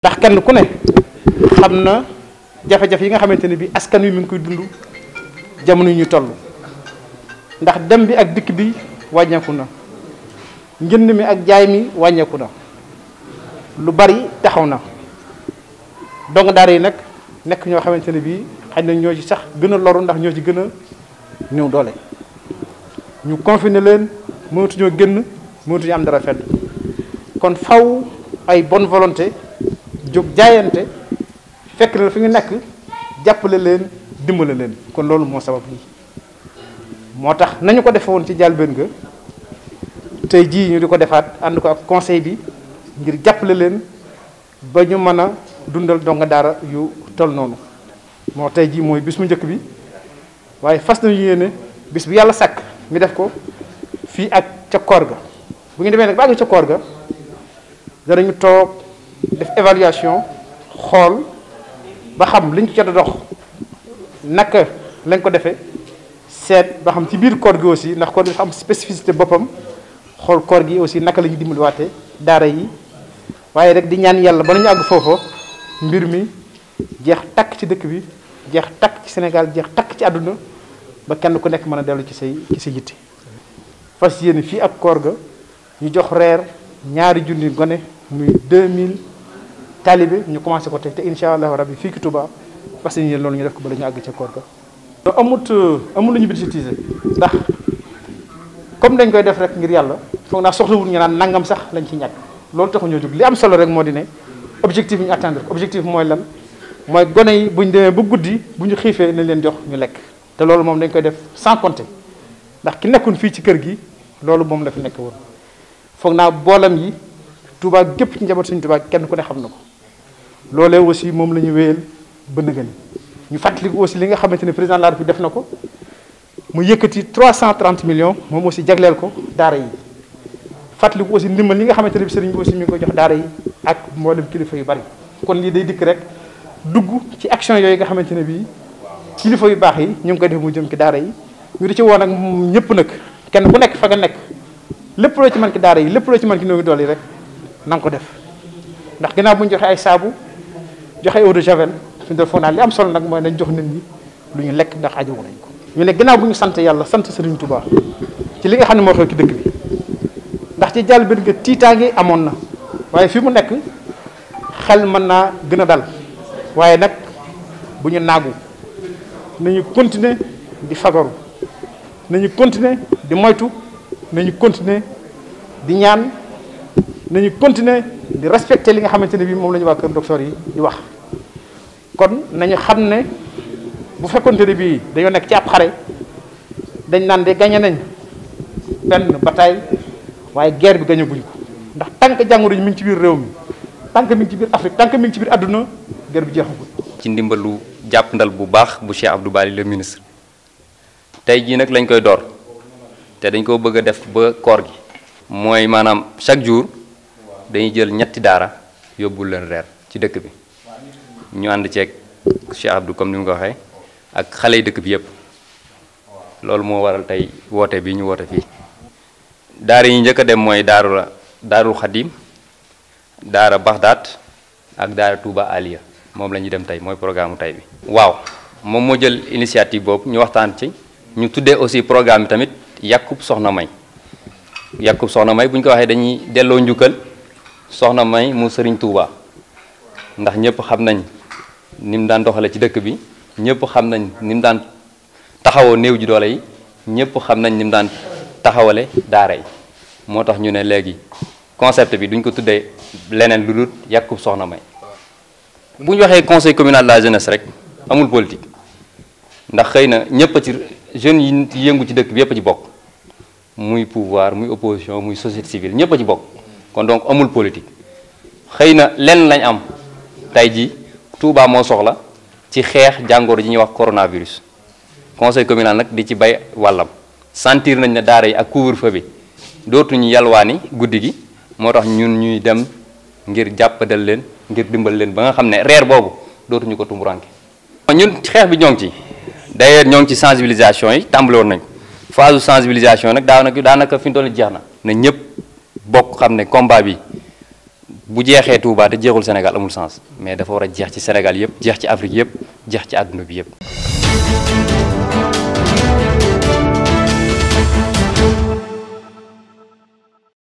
ndax kenn ku ne xam na jafe-jafe yi nga xamante ne bi askan wi mi ngi koy dund jamono yi ñu toll ndax dem bi ak dikk bi wàññeeku na njënd mi ak jaay mi wàññeeku na lu bari taxaw na dong daara yi nag nekk ñoo xamante ne bii xëy na ñoo ci sax gën loru ndax ñoo ci gën a néew doole ñu confiné leen mënatuñoo génn mënatuñu am dara fenn kon faw ay bon volonté jóg jaayante fekk na fi nga nekk jàppale leen dimbale leen kon loolu moo sabab lii moo tax nañu ko defe woon ci njëlbéen ga tey jii ñu di ko defaat ànd ko ak conseil bi ngir jàppale leen ba ñu mën a dundal donga daara yu tol noonu moo tey jii mooy bis mu njëkk bi waaye fas nañu yéene bis bu yàlla sàkk ñu def ko fii ak ca koor ga bu ñu demee nag ba àgg ca koor ga danañu toog def évaluation xool ba xam liñ ci jot a dox naka lañ ko defee seet ba xam ci biir koor gi aussi ndax koor gi dafa am spécificité boppam xool koor gi aussi naka la ñu dimbaliwaate daara yi waaye rek di ñaan yàlla ba nañu àgg foofa mbir mi jeex takk ci dëkk bi jeex takk ci Sénégal jeex takk ci àdduna ba kenn ku nekk mën a dellu ci say ci sa yitte fas yéen fii ak koor ga ñu jox reer ñaari junni gone muy mille talibé ñu commencé ko tey te incha allahu rabbi fii ki Touba fas yéene loolu ñu def ko bala ñu àgg ci koor ga. donc amut amul lu ñu budgétiser ndax comme dañ koy def rek ngir yàlla foog naa soxlawul ñu naan nangam sax lañ ci ñàkk loolu taxu ñoo jóg li am solo rek moo di ne objectif ñu attender ko objectif mooy lan mooy gone yi buñ ñu demee ba guddi bu ñu xiifee nañ leen jox ñu lekk. te loolu moom dañ koy def sans compter ndax ki nekkoon fii ci kër gi loolu moom la fi nekk woon foog naa boolam yi tubaab gépp ci njaboot Sëriñ Touba kenn ku ne xam na ko loolee aussi moom la ñu wéyal ba nëgën ñu fàttaliku aussi li nga xamante ne président de la def na ko mu yëkkati 330 millions moom aussi jagleel ko daara yi fàttaliku aussi ndimbal ñi nga xamante ne bi sëriñ bi aussi mi ngi koy jox daara yi ak mboolem kilifa yu bari kon lii day dikk rek dugg ci action yooyu nga xamante ne bii kilifa yu baax yi ñu ngi koy def mu jëm ci daara yi ñu di ci woon nag ñëpp nag kenn ku nekk fa nga nekk lépp loo ci mën ki daara yi lépp loo ci mën ci néew doole yi rek na ko def ndax ginnaaw bu ñu joxe ay saabu joxe eau de javel suñu def foog naa li am solo nag mooy nañ jox nit lu ñu lekk ndax ajowu nañ ko ñu ne ginnaaw bu ñu sant yàlla sant Serigne Touba ci li nga xam ne moo xew ci dëkk bi ndax ci jàll bi nga tiitaange amoon na waaye fi mu nekk xel mën naa gën a dal waaye nag bu ñu naagu nañu continuer di fagaru nañu continuer di moytu nañu continuer di ñaan nañu continuer di respecter li nga xamante ne bii moom la ñu waa kër docteur yi di wax kon nañu xam ne bu fekkonte ne bii dañoo nekk ci ab xare dañ naan de gañe nañ benn bataille waaye guerre bi gañe guñ ko ndax tànk jàngoro ji mi ngi ci biir réew mi tànk mi ci biir Afrique tànk mi ci biir àdduna guerre bi jeexagul. ci ndimbalu. jàppandal bu baax bu Cheikh Abdou Bali le ministre tey jii nag lañ koy door te dañ ko bëgg def ba koor gi mooy maanaam chaque jour dañuy jël ñetti daara yóbbul leen reer ci dëkk bi ñu ànd ceeg Cheikh Abdou comme ni ko ak xale dëkk bi yépp loolu moo waral tey woote bi ñu woote fii daara yi njëkk dem mooy daaru la ak daara Touba Aliya moom la ñuy dem tey mooy programme tey bi. waaw moom moo jël initiative boobu ñu waxtaan ci ñu tuddee aussi programme bi tamit yàkkub soxna May yàkkub soxna May bu ñu ko waxee dañuy delloo njukkal soxna May mu Serigne Touba ndax ñëpp xam nañ ni mu daan doxale ci dëkk bi ñëpp xam nañ ni mu daan taxawoo néew ji doole ñëpp xam nañ ni daan taxawale daara yi moo tax ñu ne léegi concept bi duñ ko tuddee leneen lu dul yàkkub soxna May. bu ñu waxee conseil communal de la jeunesse rek amul politique ndax xëy na ñëpp a ci jeunes yi yëngu ci dëkk bi yëpp a ci bokk muy pouvoir muy opposition muy société civile ñëpp ci bokk kon donc amul politique xëy na lenn lañ am tey ji Touba moo soxla ci xeex jàngoro ji ñuy wax coronavirus conseil communal nak di ci bay Santir sentir nañ ne daara yi ak couvre-feu bi dootuñu yalwaani guddi gi ñun ñuy dem ngir leen ngir dimbal leen ba nga xam ne reer boobu dootuñu ko tumburanke ñu xeex bi ñoo ngi ci d'ailleurs ñoo ngi ci sensibilisation yi tàmbale woon nañ phase de sensibilisation nag daanaka daanaka fi ñu toll jeex na na ñëpp bokk xam ne combat bi bu jeexee Touba te jeexul senegal amul sens mais dafa war a jeex ci Sénégal yëpp jeex ci Afrique yëpp jeex ci àdduna bi yëpp